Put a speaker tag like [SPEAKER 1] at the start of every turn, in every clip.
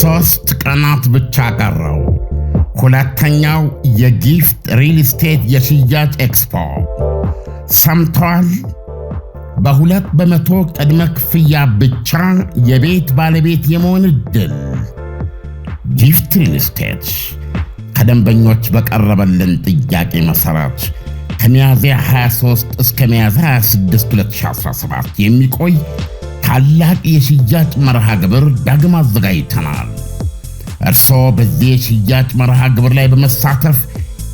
[SPEAKER 1] ሶስት ቀናት ብቻ ቀረው። ሁለተኛው የጊፍት ሪል ስቴት የሽያጭ ኤክስፖ ሰምተዋል። በሁለት በመቶ ቅድመ ክፍያ ብቻ የቤት ባለቤት የመሆን እድል! ጊፍት ሪል ስቴት ከደንበኞች በቀረበልን ጥያቄ መሠረት ከሚያዝያ 23 እስከ ሚያዝያ 26 2017 የሚቆይ ታላቅ የሽያጭ መርሃ ግብር ዳግም አዘጋጅተናል። እርስዎ በዚህ የሽያጭ መርሃ ግብር ላይ በመሳተፍ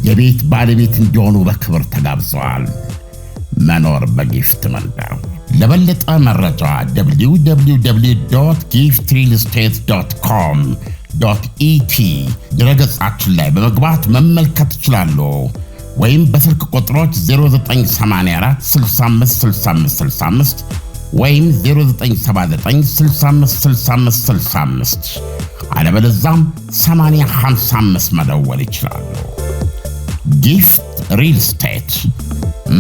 [SPEAKER 1] የቤት ባለቤት እንዲሆኑ በክብር ተጋብዘዋል። መኖር በጊፍት መንደር። ለበለጠ መረጃ www ጊፍት ሪል ስቴት ዶት ኮም ዶት ኢቲ ድረገጻችን ላይ በመግባት መመልከት ይችላሉ ወይም በስልክ ቁጥሮች 0984 65 65 65 ወይም 0979656565 አለበለዛም 855 መደወል ይችላሉ። ጊፍት ሪል ስቴት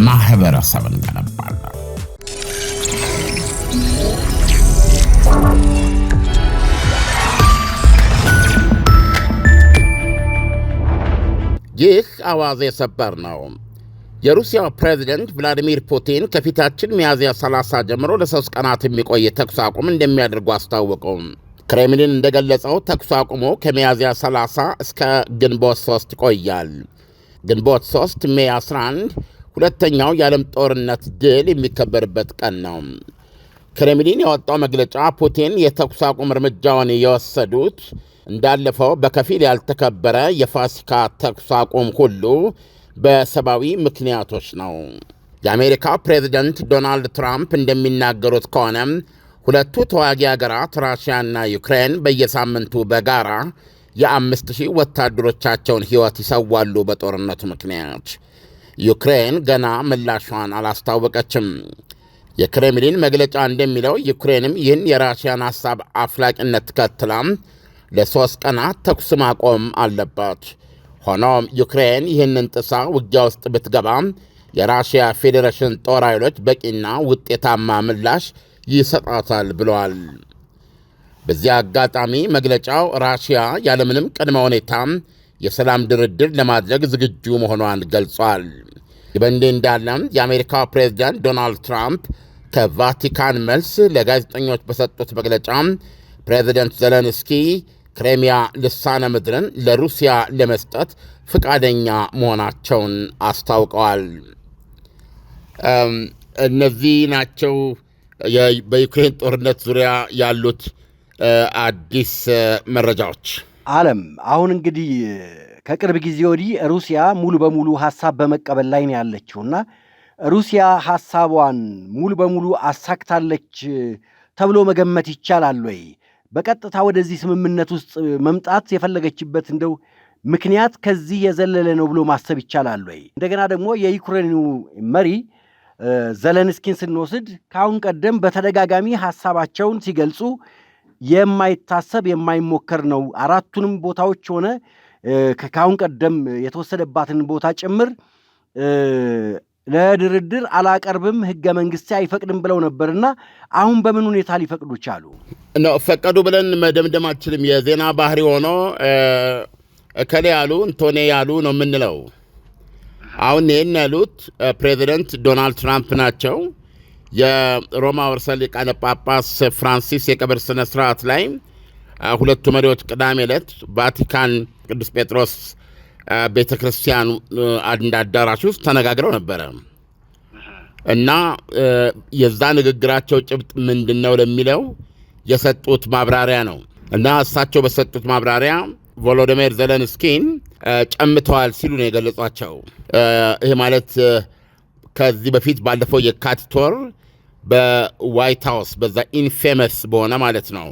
[SPEAKER 1] ማህበረሰብን ገነባለን።
[SPEAKER 2] ይህ አዋዜ ሰበር ነው። የሩሲያው ፕሬዝደንት ቭላዲሚር ፑቲን ከፊታችን ሚያዝያ 30 ጀምሮ ለሶስት ቀናት የሚቆይ ተኩስ አቁም እንደሚያደርጉ አስታወቁ። ክሬምሊን እንደገለጸው ተኩስ አቁሙ ከሚያዝያ 30 እስከ ግንቦት 3 ይቆያል። ግንቦት 3 ሜ 11 ሁለተኛው የዓለም ጦርነት ድል የሚከበርበት ቀን ነው። ክሬምሊን ያወጣው መግለጫ ፑቲን የተኩስ አቁም እርምጃውን የወሰዱት እንዳለፈው በከፊል ያልተከበረ የፋሲካ ተኩስ አቁም ሁሉ በሰብአዊ ምክንያቶች ነው። የአሜሪካ ፕሬዚደንት ዶናልድ ትራምፕ እንደሚናገሩት ከሆነ ሁለቱ ተዋጊ አገራት ራሽያና ዩክሬን በየሳምንቱ በጋራ የአምስት ሺህ ወታደሮቻቸውን ሕይወት ይሰዋሉ በጦርነቱ ምክንያት። ዩክሬን ገና ምላሿን አላስታወቀችም። የክሬምሊን መግለጫ እንደሚለው ዩክሬንም ይህን የራሽያን ሐሳብ አፍላቂነት ተከትላ ለሦስት ቀናት ተኩስ ማቆም አለባት። ሆኖም ዩክሬን ይህንን ጥሳ ውጊያ ውስጥ ብትገባ የራሽያ ፌዴሬሽን ጦር ኃይሎች በቂና ውጤታማ ምላሽ ይሰጣታል ብለዋል። በዚያ አጋጣሚ መግለጫው ራሽያ ያለምንም ቅድመ ሁኔታ የሰላም ድርድር ለማድረግ ዝግጁ መሆኗን ገልጿል። በእንዲህ እንዳለም የአሜሪካ ፕሬዚዳንት ዶናልድ ትራምፕ ከቫቲካን መልስ ለጋዜጠኞች በሰጡት መግለጫ ፕሬዚደንት ዘለንስኪ ክሬሚያ ልሳነ ምድርን ለሩሲያ ለመስጠት ፍቃደኛ መሆናቸውን አስታውቀዋል። እነዚህ ናቸው በዩክሬን ጦርነት ዙሪያ ያሉት አዲስ መረጃዎች።
[SPEAKER 3] አለም አሁን እንግዲህ ከቅርብ ጊዜ ወዲህ ሩሲያ ሙሉ በሙሉ ሀሳብ በመቀበል ላይ ነው ያለችውና ሩሲያ ሀሳቧን ሙሉ በሙሉ አሳክታለች ተብሎ መገመት ይቻላል ወይ? በቀጥታ ወደዚህ ስምምነት ውስጥ መምጣት የፈለገችበት እንደው ምክንያት ከዚህ የዘለለ ነው ብሎ ማሰብ ይቻላል ወይ? እንደገና ደግሞ የዩክሬኑ መሪ ዘለንስኪን ስንወስድ ከአሁን ቀደም በተደጋጋሚ ሀሳባቸውን ሲገልጹ የማይታሰብ የማይሞከር ነው። አራቱንም ቦታዎች ሆነ ከአሁን ቀደም የተወሰደባትን ቦታ ጭምር ለድርድር አላቀርብም ህገ መንግስቴ አይፈቅድም ብለው ነበርና አሁን በምን ሁኔታ ሊፈቅዱ ቻሉ?
[SPEAKER 2] ፈቀዱ ብለን መደምደም አችልም። የዜና ባህሪ ሆኖ እከሌ ያሉ እንቶኔ ያሉ ነው የምንለው። አሁን ይህን ያሉት ፕሬዚደንት ዶናልድ ትራምፕ ናቸው። የሮማ ወርሰ ሊቃነ ጳጳስ ፍራንሲስ የቀብር ስነ ስርዓት ላይ ሁለቱ መሪዎች ቅዳሜ ዕለት ቫቲካን ቅዱስ ጴጥሮስ ቤተ ክርስቲያኑ አንድ አዳራሽ ውስጥ ተነጋግረው ነበረ እና የዛ ንግግራቸው ጭብጥ ምንድን ነው ለሚለው የሰጡት ማብራሪያ ነው እና እሳቸው በሰጡት ማብራሪያ ቮሎዲሚር ዘለንስኪን ጨምተዋል ሲሉ ነው የገለጿቸው። ይህ ማለት ከዚህ በፊት ባለፈው የካቲት ወር በዋይት ሃውስ በዛ ኢንፌመስ በሆነ ማለት ነው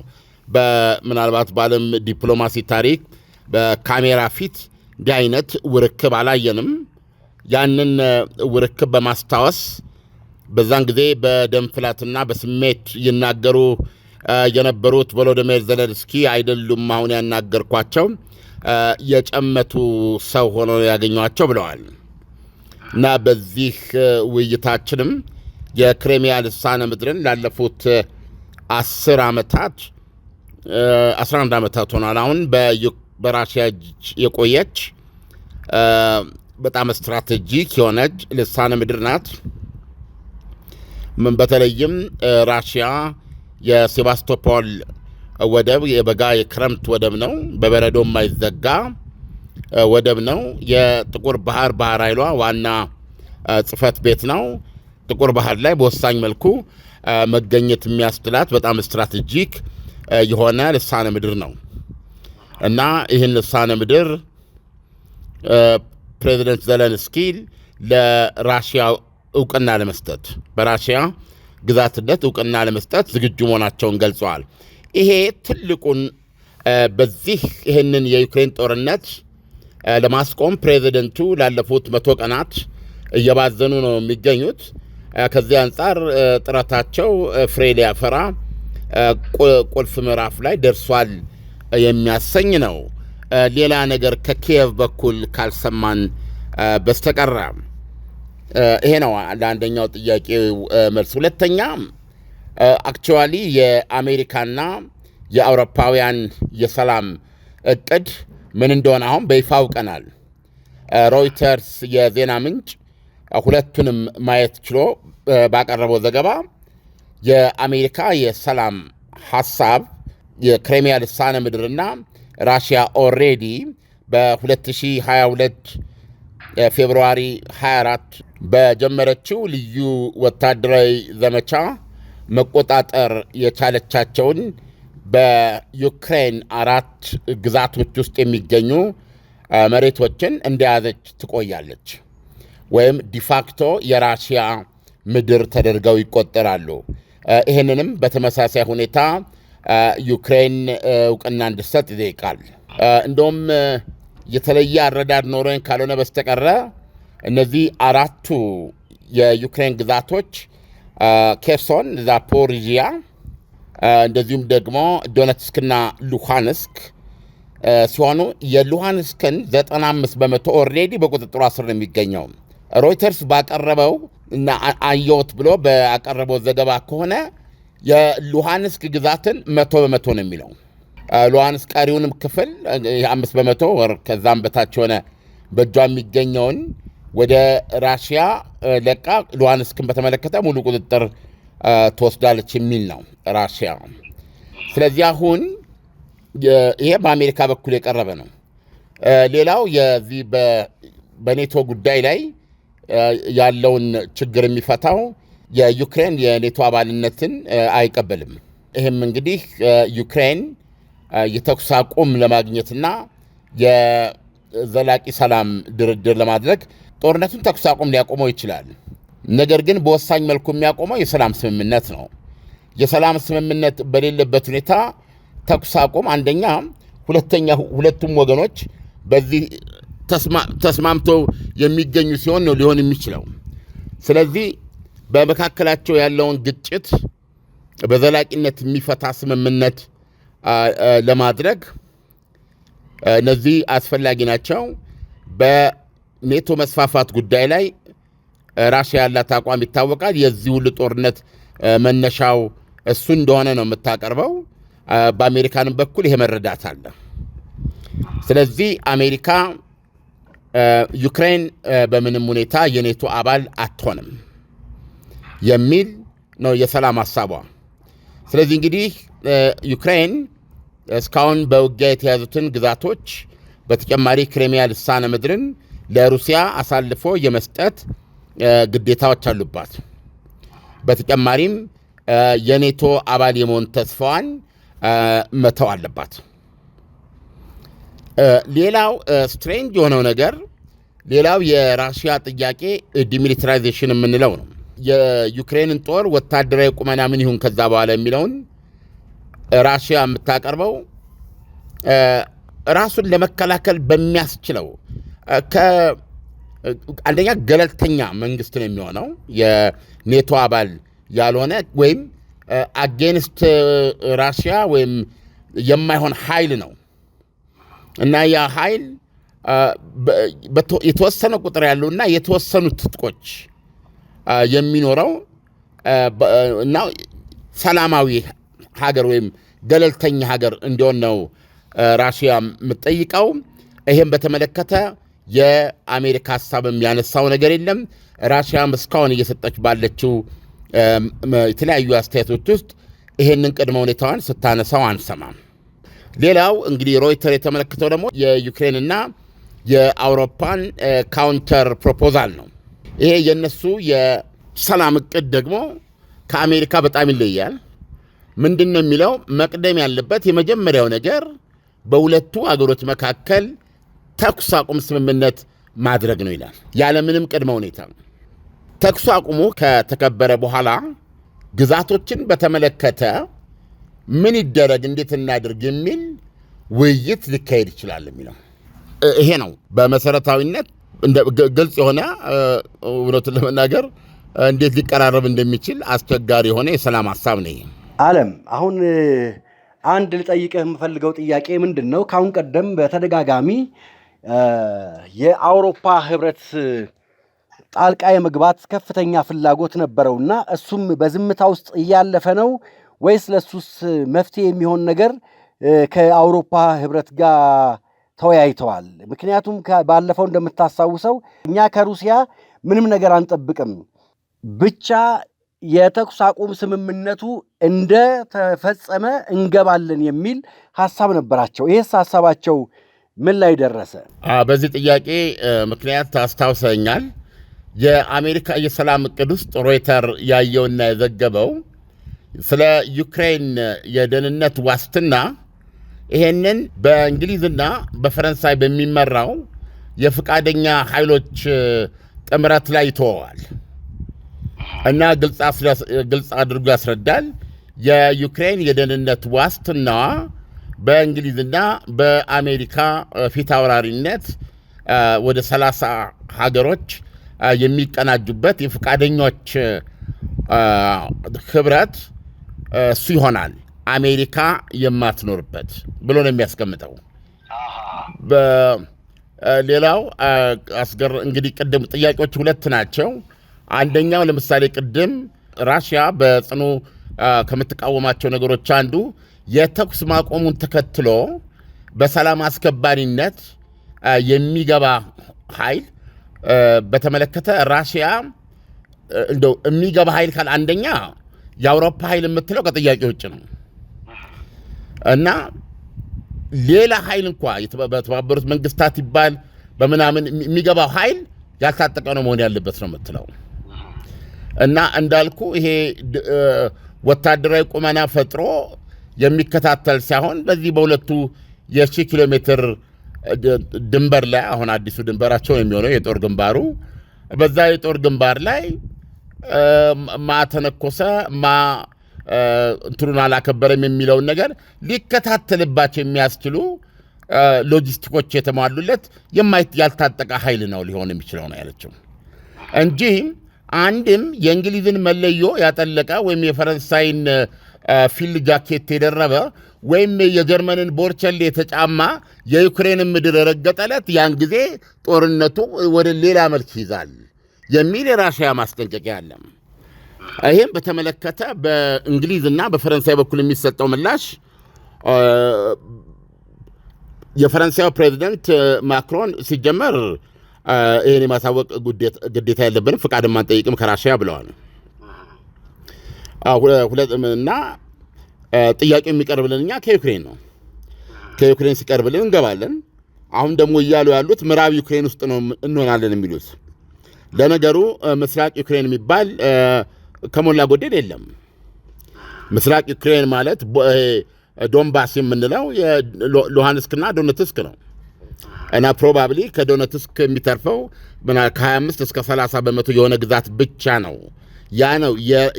[SPEAKER 2] በምናልባት በዓለም ዲፕሎማሲ ታሪክ በካሜራ ፊት እንዲህ አይነት ውርክብ አላየንም። ያንን ውርክብ በማስታወስ በዛን ጊዜ በደም ፍላትና በስሜት ይናገሩ የነበሩት ቮሎዲሚር ዘለንስኪ አይደሉም፣ አሁን ያናገርኳቸው የጨመቱ ሰው ሆኖ ያገኟቸው ብለዋል። እና በዚህ ውይይታችንም የክሬሚያ ልሳነ ምድርን ላለፉት አስር ዓመታት 11 ዓመታት ሆኗል አሁን በራሽያ እጅ የቆየች በጣም ስትራቴጂክ የሆነች ልሳነ ምድር ናት። ምን በተለይም ራሽያ የሴባስቶፖል ወደብ የበጋ የክረምት ወደብ ነው። በበረዶ የማይዘጋ ወደብ ነው። የጥቁር ባህር ባህር ኃይሏ ዋና ጽህፈት ቤት ነው። ጥቁር ባህር ላይ በወሳኝ መልኩ መገኘት የሚያስችላት በጣም ስትራቴጂክ የሆነ ልሳነ ምድር ነው። እና ይህን ልሳነ ምድር ፕሬዚደንት ዘለንስኪ ለራሽያ እውቅና ለመስጠት በራሽያ ግዛትነት እውቅና ለመስጠት ዝግጁ መሆናቸውን ገልጸዋል። ይሄ ትልቁን በዚህ ይህንን የዩክሬን ጦርነት ለማስቆም ፕሬዚደንቱ ላለፉት መቶ ቀናት እየባዘኑ ነው የሚገኙት። ከዚህ አንጻር ጥረታቸው ፍሬ ሊያፈራ ቁልፍ ምዕራፍ ላይ ደርሷል የሚያሰኝ ነው። ሌላ ነገር ከኪየቭ በኩል ካልሰማን በስተቀረ ይሄ ነው ለአንደኛው ጥያቄ መልስ። ሁለተኛ አክቹዋሊ የአሜሪካና የአውሮፓውያን የሰላም እቅድ ምን እንደሆነ አሁን በይፋ አውቀናል። ሮይተርስ የዜና ምንጭ ሁለቱንም ማየት ችሎ ባቀረበው ዘገባ የአሜሪካ የሰላም ሐሳብ የክሬሚያ ልሳነ ምድርና ራሽያ ኦልሬዲ በ2022 ፌብርዋሪ 24 በጀመረችው ልዩ ወታደራዊ ዘመቻ መቆጣጠር የቻለቻቸውን በዩክሬን አራት ግዛቶች ውስጥ የሚገኙ መሬቶችን እንደያዘች ትቆያለች ወይም ዲፋክቶ የራሽያ ምድር ተደርገው ይቆጠራሉ። ይህንንም በተመሳሳይ ሁኔታ ዩክሬን እውቅና እንድሰጥ ይጠይቃል። እንደውም የተለየ አረዳድ ኖሮን ካልሆነ በስተቀረ እነዚህ አራቱ የዩክሬን ግዛቶች ኬርሶን፣ ዛፖሪዥያ፣ እንደዚሁም ደግሞ ዶነትስክና ሉሃንስክ ሲሆኑ የሉሃንስክን 95 በመቶ ኦልሬዲ በቁጥጥሩ ስር ነው የሚገኘው። ሮይተርስ ባቀረበው እና አየሁት ብሎ ባቀረበው ዘገባ ከሆነ የሉሃንስክ ግዛትን መቶ በመቶ ነው የሚለው። ሉሃንስ ቀሪውንም ክፍል አምስት በመቶ ወር ከዛም በታች የሆነ በእጇ የሚገኘውን ወደ ራሽያ ለቃ ሉሃንስክን በተመለከተ ሙሉ ቁጥጥር ትወስዳለች የሚል ነው ራሽያ። ስለዚህ አሁን ይሄ በአሜሪካ በኩል የቀረበ ነው። ሌላው የዚህ በኔቶ ጉዳይ ላይ ያለውን ችግር የሚፈታው የዩክሬን የኔቶ አባልነትን አይቀበልም። ይህም እንግዲህ ዩክሬን የተኩስ አቁም ለማግኘትና የዘላቂ ሰላም ድርድር ለማድረግ ጦርነቱን ተኩስ አቁም ሊያቆመው ይችላል። ነገር ግን በወሳኝ መልኩ የሚያቆመው የሰላም ስምምነት ነው። የሰላም ስምምነት በሌለበት ሁኔታ ተኩስ አቁም አንደኛ፣ ሁለተኛ ሁለቱም ወገኖች በዚህ ተስማምተው የሚገኙ ሲሆን ነው ሊሆን የሚችለው። ስለዚህ በመካከላቸው ያለውን ግጭት በዘላቂነት የሚፈታ ስምምነት ለማድረግ እነዚህ አስፈላጊ ናቸው። በኔቶ መስፋፋት ጉዳይ ላይ ራሽያ ያላት አቋም ይታወቃል። የዚህ ሁሉ ጦርነት መነሻው እሱ እንደሆነ ነው የምታቀርበው። በአሜሪካንም በኩል ይሄ መረዳት አለ። ስለዚህ አሜሪካ ዩክሬን በምንም ሁኔታ የኔቶ አባል አትሆንም። የሚል ነው የሰላም ሀሳቧ። ስለዚህ እንግዲህ ዩክሬን እስካሁን በውጊያ የተያዙትን ግዛቶች በተጨማሪ ክሬሚያ ልሳነ ምድርን ለሩሲያ አሳልፎ የመስጠት ግዴታዎች አሉባት። በተጨማሪም የኔቶ አባል የመሆን ተስፋዋን መተው አለባት። ሌላው ስትሬንጅ የሆነው ነገር ሌላው የራሽያ ጥያቄ ዲሚሊታራይዜሽን የምንለው ነው። የዩክሬንን ጦር ወታደራዊ ቁመና ምን ይሁን ከዛ በኋላ የሚለውን ራሽያ የምታቀርበው ራሱን ለመከላከል በሚያስችለው አንደኛ ገለልተኛ መንግስት ነው የሚሆነው የኔቶ አባል ያልሆነ ወይም አጌንስት ራሽያ ወይም የማይሆን ኃይል ነው እና ያ ኃይል የተወሰነ ቁጥር ያለውና የተወሰኑ ትጥቆች የሚኖረው እና ሰላማዊ ሀገር ወይም ገለልተኛ ሀገር እንዲሆን ነው ራሽያ የምትጠይቀው። ይህም በተመለከተ የአሜሪካ ሀሳብም ያነሳው ነገር የለም። ራሽያም እስካሁን እየሰጠች ባለችው የተለያዩ አስተያየቶች ውስጥ ይህንን ቅድመ ሁኔታዋን ስታነሳው አንሰማም። ሌላው እንግዲህ ሮይተር የተመለከተው ደግሞ የዩክሬንና የአውሮፓን ካውንተር ፕሮፖዛል ነው። ይሄ የእነሱ የሰላም እቅድ ደግሞ ከአሜሪካ በጣም ይለያል። ምንድን ነው የሚለው መቅደም ያለበት የመጀመሪያው ነገር በሁለቱ አገሮች መካከል ተኩስ አቁም ስምምነት ማድረግ ነው ይላል። ያለምንም ቅድመ ሁኔታ ተኩስ አቁሙ ከተከበረ በኋላ ግዛቶችን በተመለከተ ምን ይደረግ፣ እንዴት እናድርግ የሚል ውይይት ሊካሄድ ይችላል የሚለው ይሄ ነው በመሰረታዊነት ግልጽ የሆነ እውነቱን ለመናገር እንዴት ሊቀራረብ እንደሚችል አስቸጋሪ የሆነ የሰላም ሀሳብ ነኝ።
[SPEAKER 3] አለም አሁን አንድ ልጠይቅህ የምፈልገው ጥያቄ ምንድን ነው? ከአሁን ቀደም በተደጋጋሚ የአውሮፓ ህብረት ጣልቃ የመግባት ከፍተኛ ፍላጎት ነበረውና እሱም በዝምታ ውስጥ እያለፈ ነው ወይስ ለእሱስ መፍትሄ የሚሆን ነገር ከአውሮፓ ህብረት ጋር ተወያይተዋል። ምክንያቱም ባለፈው እንደምታስታውሰው እኛ ከሩሲያ ምንም ነገር አንጠብቅም፣ ብቻ የተኩስ አቁም ስምምነቱ እንደተፈጸመ እንገባለን የሚል ሀሳብ ነበራቸው። ይህስ ሀሳባቸው ምን ላይ ደረሰ?
[SPEAKER 2] በዚህ ጥያቄ ምክንያት ታስታውሰኛል። የአሜሪካ የሰላም እቅድ ውስጥ ሮይተር ያየውና የዘገበው ስለ ዩክሬን የደህንነት ዋስትና ይሄንን በእንግሊዝና በፈረንሳይ በሚመራው የፍቃደኛ ኃይሎች ጥምረት ላይ ይተወዋል እና ግልጽ አድርጎ ያስረዳል። የዩክሬን የደህንነት ዋስትናዋ በእንግሊዝና በአሜሪካ ፊት አውራሪነት ወደ 30 ሀገሮች የሚቀናጁበት የፈቃደኞች ህብረት እሱ ይሆናል። አሜሪካ የማትኖርበት ብሎ ነው የሚያስቀምጠው። ሌላው አስገር እንግዲህ ቅድም ጥያቄዎች ሁለት ናቸው። አንደኛው ለምሳሌ ቅድም ራሽያ በጽኑ ከምትቃወማቸው ነገሮች አንዱ የተኩስ ማቆሙን ተከትሎ በሰላም አስከባሪነት የሚገባ ኃይል በተመለከተ ራሽያ እንደው የሚገባ ኃይል ካል አንደኛ የአውሮፓ ኃይል የምትለው ከጥያቄ ውጭ ነው። እና ሌላ ኃይል እንኳ በተባበሩት መንግስታት ይባል በምናምን የሚገባው ኃይል ያልታጠቀ ነው መሆን ያለበት ነው የምትለው። እና እንዳልኩ ይሄ ወታደራዊ ቁመና ፈጥሮ የሚከታተል ሳይሆን በዚህ በሁለቱ የሺህ ኪሎ ሜትር ድንበር ላይ አሁን አዲሱ ድንበራቸው የሚሆነው የጦር ግንባሩ በዛ የጦር ግንባር ላይ ማ ተነኮሰ ማ እንትኑን አላከበረም የሚለውን ነገር ሊከታተልባቸው የሚያስችሉ ሎጂስቲኮች የተሟሉለት ያልታጠቀ ኃይል ነው ሊሆን የሚችለው ነው ያለችው እንጂ አንድም የእንግሊዝን መለዮ ያጠለቀ ወይም የፈረንሳይን ፊልድ ጃኬት የደረበ ወይም የጀርመንን ቦርቸል የተጫማ የዩክሬንን ምድር የረገጠለት ያን ጊዜ ጦርነቱ ወደ ሌላ መልክ ይዛል የሚል የራሽያ ማስጠንቀቂያ አለም። ይህም በተመለከተ በእንግሊዝና በፈረንሳይ በኩል የሚሰጠው ምላሽ የፈረንሳዩ ፕሬዚደንት ማክሮን ሲጀመር ይህን የማሳወቅ ግዴታ የለብንም ፍቃድም አንጠይቅም ከራሽያ ብለዋል እና ጥያቄው የሚቀርብልን እኛ ከዩክሬን ነው። ከዩክሬን ሲቀርብልን እንገባለን። አሁን ደግሞ እያሉ ያሉት ምዕራብ ዩክሬን ውስጥ ነው እንሆናለን የሚሉት። ለነገሩ ምስራቅ ዩክሬን የሚባል ከሞላ ጎደል የለም። ምስራቅ ዩክሬን ማለት ዶንባስ የምንለው ሉሃንስክና ዶነትስክ ነው እና ፕሮባብሊ ከዶነትስክ የሚተርፈው ከ25 እስከ 30 በመቶ የሆነ ግዛት ብቻ ነው። ያ ነው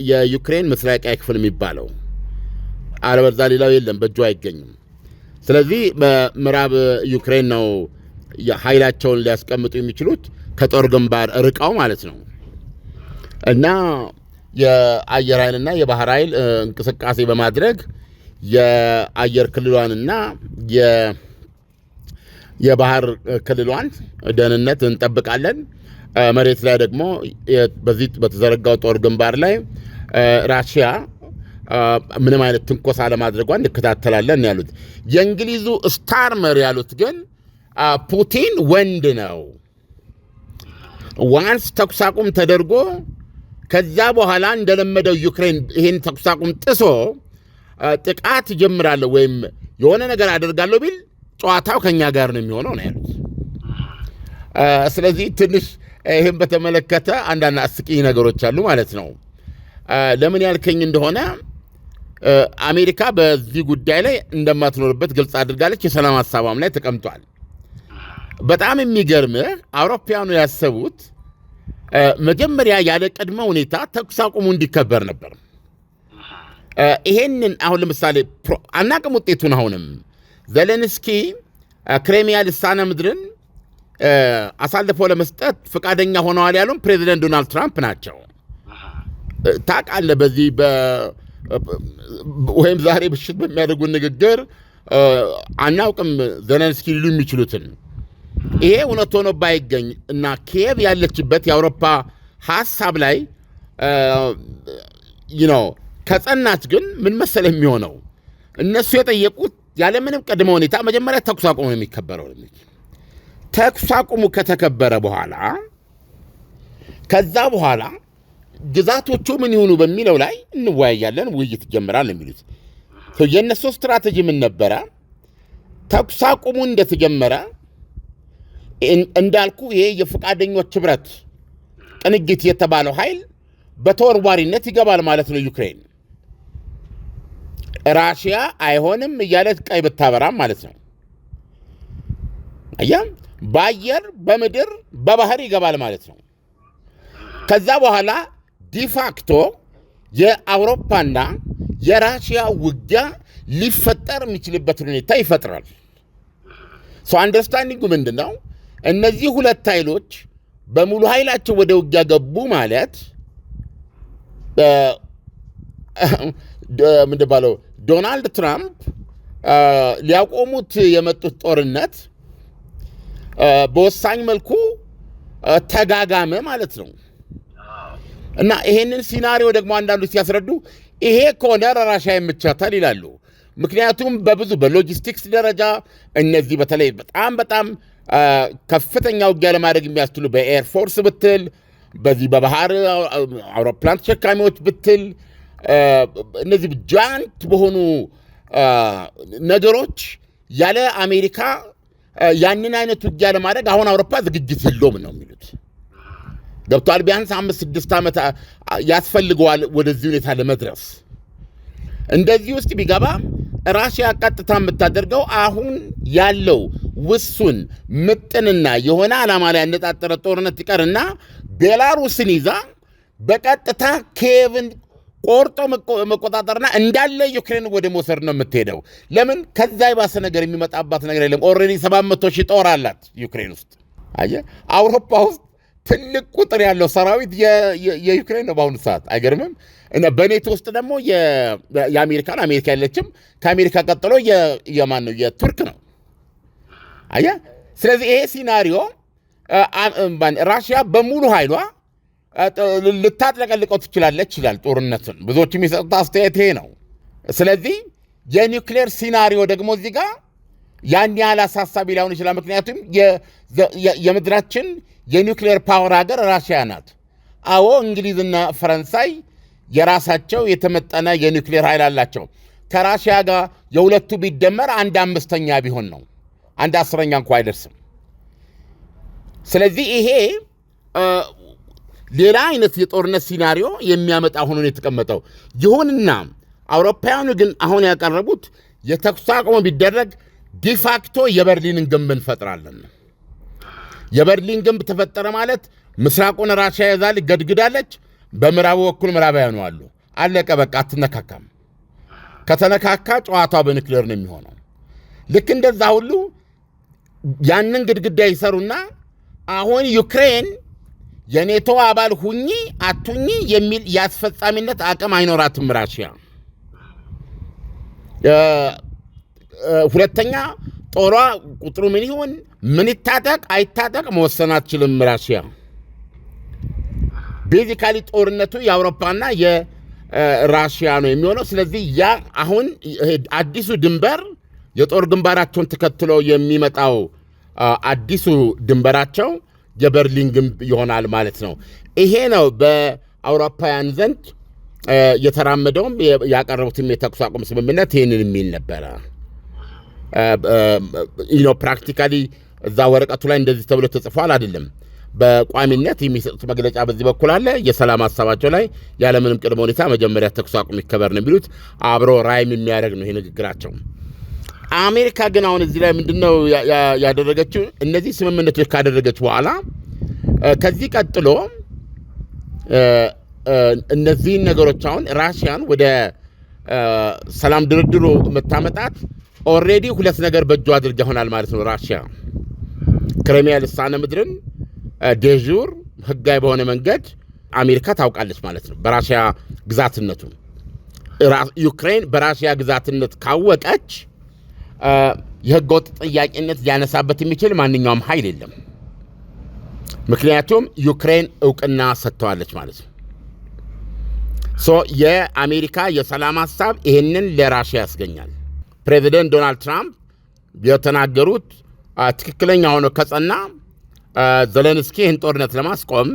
[SPEAKER 2] የዩክሬን ምስራቂያ ክፍል የሚባለው። አለበዛ ሌላው የለም፣ በእጁ አይገኝም። ስለዚህ በምዕራብ ዩክሬን ነው ኃይላቸውን ሊያስቀምጡ የሚችሉት ከጦር ግንባር ርቀው ማለት ነው እና የአየር ኃይልና የባህር ኃይል እንቅስቃሴ በማድረግ የአየር ክልሏንና የባህር ክልሏን ደህንነት እንጠብቃለን። መሬት ላይ ደግሞ በዚህ በተዘረጋው ጦር ግንባር ላይ ራሽያ ምንም አይነት ትንኮሳ ለማድረጓን እንከታተላለን ያሉት የእንግሊዙ ስታርመር ያሉት ግን ፑቲን ወንድ ነው። ዋንስ ተኩስ አቁም ተደርጎ ከዛ በኋላ እንደለመደው ዩክሬን ይህን ተኩስ አቁም ጥሶ ጥቃት እጀምራለሁ ወይም የሆነ ነገር አደርጋለሁ ቢል ጨዋታው ከኛ ጋር ነው የሚሆነው ነው ያሉት። ስለዚህ ትንሽ ይህን በተመለከተ አንዳንድ አስቂኝ ነገሮች አሉ ማለት ነው። ለምን ያልከኝ እንደሆነ አሜሪካ በዚህ ጉዳይ ላይ እንደማትኖርበት ግልጽ አድርጋለች። የሰላም ሀሳቧም ላይ ተቀምጧል። በጣም የሚገርምህ አውሮፓውያኑ ያሰቡት መጀመሪያ ያለ ቅድመ ሁኔታ ተኩስ አቁሙ እንዲከበር ነበር። ይሄንን አሁን ለምሳሌ አናቅም ውጤቱን። አሁንም ዘለንስኪ ክሬሚያ ልሳነ ምድርን አሳልፈው ለመስጠት ፈቃደኛ ሆነዋል ያሉም ፕሬዚደንት ዶናልድ ትራምፕ ናቸው። ታውቃለህ፣ በዚህ ወይም ዛሬ ብሽት በሚያደርጉን ንግግር አናውቅም ዘለንስኪ ሊሉ የሚችሉትን ይሄ እውነት ሆኖ ባይገኝ እና ኪየቭ ያለችበት የአውሮፓ ሀሳብ ላይ ነው ከጸናች ግን ምን መሰለ የሚሆነው እነሱ የጠየቁት ያለምንም ቅድመ ሁኔታ መጀመሪያ ተኩስ አቁሙ የሚከበረው። ተኩስ አቁሙ ከተከበረ በኋላ ከዛ በኋላ ግዛቶቹ ምን ይሁኑ በሚለው ላይ እንወያያለን፣ ውይይት ይጀምራል የሚሉት የእነሱ ስትራቴጂ ምን ነበረ? ተኩስ አቁሙ እንደተጀመረ እንዳልኩ ይሄ የፈቃደኞች ህብረት ቅንጅት የተባለው ኃይል በተወርዋሪነት ይገባል ማለት ነው ዩክሬን ራሽያ አይሆንም እያለት ቀይ ብታበራም ማለት ነው። አያ በአየር በምድር በባህር ይገባል ማለት ነው። ከዛ በኋላ ዲፋክቶ የአውሮፓና የራሽያ ውጊያ ሊፈጠር የሚችልበትን ሁኔታ ይፈጥራል። ሰው ምንድን ነው? እነዚህ ሁለት ኃይሎች በሙሉ ኃይላቸው ወደ ውጊያ ገቡ ማለት ምንድን ባለው ዶናልድ ትራምፕ ሊያቆሙት የመጡት ጦርነት በወሳኝ መልኩ ተጋጋመ ማለት ነው። እና ይሄንን ሲናሪዮ ደግሞ አንዳንዶች ሲያስረዱ ይሄ ከሆነ ራሽያ የምቻታል ይላሉ። ምክንያቱም በብዙ በሎጂስቲክስ ደረጃ እነዚህ በተለይ በጣም በጣም ከፍተኛ ውጊያ ለማድረግ የሚያስችሉ በኤርፎርስ ብትል፣ በዚህ በባህር አውሮፕላን ተሸካሚዎች ብትል፣ እነዚህ ጃንት በሆኑ ነገሮች ያለ አሜሪካ ያንን አይነት ውጊያ ለማድረግ አሁን አውሮፓ ዝግጅት የለውም ነው የሚሉት። ገብቷል። ቢያንስ አምስት ስድስት ዓመት ያስፈልገዋል ወደዚህ ሁኔታ ለመድረስ። እንደዚህ ውስጥ ቢገባ ራሽያ ቀጥታ የምታደርገው አሁን ያለው ውሱን ምጥንና የሆነ ዓላማ ላይ ያነጣጠረ ጦርነት ይቀርና ቤላሩስን ይዛ በቀጥታ ኬቭን ቆርጦ መቆጣጠርና እንዳለ ዩክሬን ወደ መውሰድ ነው የምትሄደው። ለምን ከዛ የባሰ ነገር የሚመጣባት ነገር የለም። ኦልሬዲ ሰባት ሺህ ጦር አላት ዩክሬን ውስጥ አየህ፣ አውሮፓ ውስጥ ትልቅ ቁጥር ያለው ሰራዊት የዩክሬን ነው በአሁኑ ሰዓት። አይገርምም? በኔቶ ውስጥ ደግሞ የአሜሪካን አሜሪካ የለችም። ከአሜሪካ ቀጥሎ የማን ነው? የቱርክ ነው። አያ ስለዚህ ይሄ ሲናሪዮ ራሽያ በሙሉ ኃይሏ ልታጥለቀልቀው ትችላለች ይላል ጦርነትን። ብዙዎች የሚሰጡት አስተያየት ይሄ ነው። ስለዚህ የኒውክሌር ሲናሪዮ ደግሞ እዚህ ጋር ያን ያህል አሳሳቢ ላይሆን ይችላል። ምክንያቱም የምድራችን የኒውክሌር ፓወር ሀገር ራሽያ ናት። አዎ እንግሊዝና ፈረንሳይ የራሳቸው የተመጠነ የኒውክሌር ኃይል አላቸው። ከራሽያ ጋር የሁለቱ ቢደመር አንድ አምስተኛ ቢሆን ነው፣ አንድ አስረኛ እንኳ አይደርስም። ስለዚህ ይሄ ሌላ አይነት የጦርነት ሲናሪዮ የሚያመጣ ሆኖ የተቀመጠው። ይሁንና አውሮፓውያኑ ግን አሁን ያቀረቡት የተኩስ አቁም ቢደረግ ዲፋክቶ የበርሊንን ግንብ እንፈጥራለን። የበርሊን ግንብ ተፈጠረ ማለት ምስራቁን ራሻ ያዛል ገድግዳለች። በምዕራቡ በኩል ምዕራባውያኑ አሉ። አለቀ፣ በቃ አትነካካም። ከተነካካ ጨዋታ በኒክሌር ነው የሚሆነው። ልክ እንደዛ ሁሉ ያንን ግድግዳ ይሰሩና አሁን ዩክሬን የኔቶ አባል ሁኚ አቱኚ የሚል የአስፈጻሚነት አቅም አይኖራትም ራሽያ ሁለተኛ ጦሯ ቁጥሩ ምን ይሁን፣ ምን ይታጠቅ አይታጠቅ መወሰን አትችልም ራሽያ። ቤዚካሊ ጦርነቱ የአውሮፓና የራሽያ ነው የሚሆነው። ስለዚህ ያ አሁን አዲሱ ድንበር የጦር ግንባራቸውን ተከትሎ የሚመጣው አዲሱ ድንበራቸው የበርሊን ግንብ ይሆናል ማለት ነው። ይሄ ነው በአውሮፓውያን ዘንድ የተራመደውም ያቀረቡትም የተኩስ አቁም ስምምነት ይህንን የሚል ነበረ። ፕራክቲካሊ እዛ ወረቀቱ ላይ እንደዚህ ተብሎ ተጽፏል አይደለም። በቋሚነት የሚሰጡት መግለጫ በዚህ በኩል አለ። የሰላም ሀሳባቸው ላይ ያለምንም ቅድመ ሁኔታ መጀመሪያ ተኩስ አቁም ይከበር ነው የሚሉት። አብሮ ራይም የሚያደርግ ነው ይሄ ንግግራቸው። አሜሪካ ግን አሁን እዚህ ላይ ምንድነው ያደረገችው? እነዚህ ስምምነቶች ካደረገች በኋላ ከዚህ ቀጥሎ እነዚህን ነገሮች አሁን ራሽያን ወደ ሰላም ድርድሩ መታመጣት ኦልሬዲ ሁለት ነገር በእጇ አድርጋ ይሆናል ማለት ነው። ራሽያ ክሬሚያ ልሳነ ምድርን ዴዥር ህጋዊ በሆነ መንገድ አሜሪካ ታውቃለች ማለት ነው። በራሽያ ግዛትነቱ ዩክሬን በራሽያ ግዛትነት ካወቀች የህገወጥ ጥያቄነት ሊያነሳበት የሚችል ማንኛውም ኃይል የለም። ምክንያቱም ዩክሬን እውቅና ሰጥተዋለች ማለት ነው። ሶ የአሜሪካ የሰላም ሀሳብ ይህንን ለራሽያ ያስገኛል። ፕሬዚደንት ዶናልድ ትራምፕ የተናገሩት ትክክለኛ ሆኖ ከጸና ዘለንስኪ ይህን ጦርነት ለማስቆም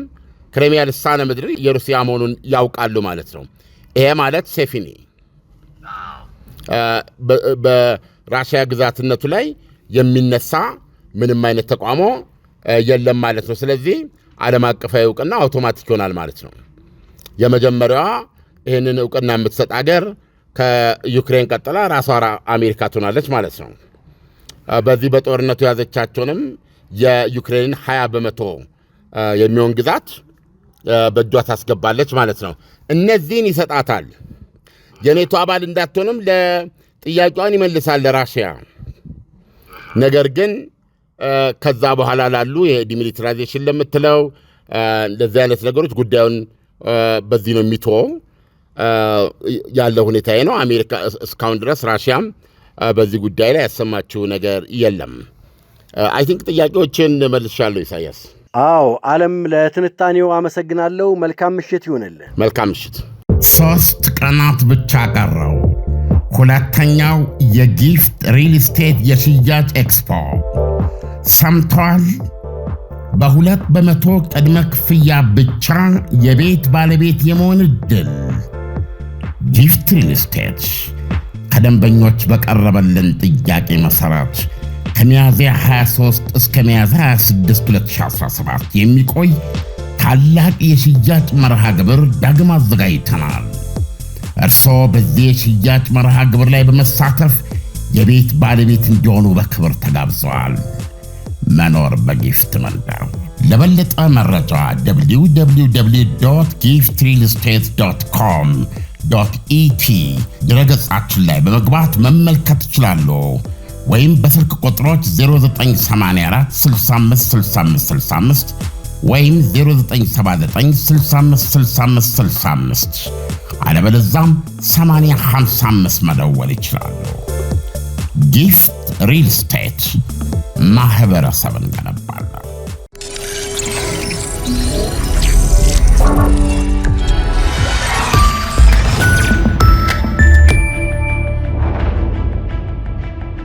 [SPEAKER 2] ክሬሚያ ልሳነ ምድር የሩሲያ መሆኑን ያውቃሉ ማለት ነው። ይሄ ማለት ሴፊኒ በራሽያ ግዛትነቱ ላይ የሚነሳ ምንም አይነት ተቋሞ የለም ማለት ነው። ስለዚህ ዓለም አቀፋዊ እውቅና አውቶማቲክ ይሆናል ማለት ነው። የመጀመሪያዋ ይህንን እውቅና የምትሰጥ አገር ከዩክሬን ቀጥላ ራሷ አሜሪካ ትሆናለች ማለት ነው። በዚህ በጦርነቱ የያዘቻቸውንም የዩክሬንን 20 በመቶ የሚሆን ግዛት በእጇ ታስገባለች ማለት ነው። እነዚህን ይሰጣታል። የኔቶ አባል እንዳትሆንም ለጥያቄዋን ይመልሳል ለራሽያ። ነገር ግን ከዛ በኋላ ላሉ ዲሚሊታራይዜሽን ለምትለው እንደዚህ አይነት ነገሮች ጉዳዩን በዚህ ነው የሚትወው። ያለ ሁኔታ ነው። አሜሪካ እስካሁን ድረስ ራሽያም በዚህ ጉዳይ ላይ ያሰማችው ነገር የለም። አይ ቲንክ ጥያቄዎችን መልሻለሁ። ኢሳያስ
[SPEAKER 3] አዎ፣ አለም ለትንታኔው አመሰግናለሁ። መልካም ምሽት ይሁንልህ።
[SPEAKER 2] መልካም ምሽት።
[SPEAKER 1] ሶስት ቀናት ብቻ ቀረው ሁለተኛው የጊፍት ሪል ስቴት የሽያጭ ኤክስፖ ሰምተዋል። በሁለት በመቶ ቅድመ ክፍያ ብቻ የቤት ባለቤት የመሆን ዕድል ጊፍት ሪል ከደንበኞች በቀረበልን ጥያቄ መሰረት ከሚያዝያ 23 እስከ ሚያዝያ 26 2017 የሚቆይ ታላቅ የሽያጭ መርሃ ግብር ዳግም አዘጋጅተናል። እርስዎ በዚህ የሽያጭ መርሃ ግብር ላይ በመሳተፍ የቤት ባለቤት እንዲሆኑ በክብር ተጋብዘዋል። መኖር በጊፍት መንደር። ለበለጠ መረጃ ጊፍት ሪል ስቴት ዶት ኮም ዶት ኢቲ e ድረገጻችን ላይ በመግባት መመልከት ይችላሉ ወይም በስልክ ቁጥሮች 0984656565 ወይም 0979656565 አለበለዛም 855 መደወል ይችላሉ። ጊፍት ሪል ስቴት ማህበረሰብን ገነባለን።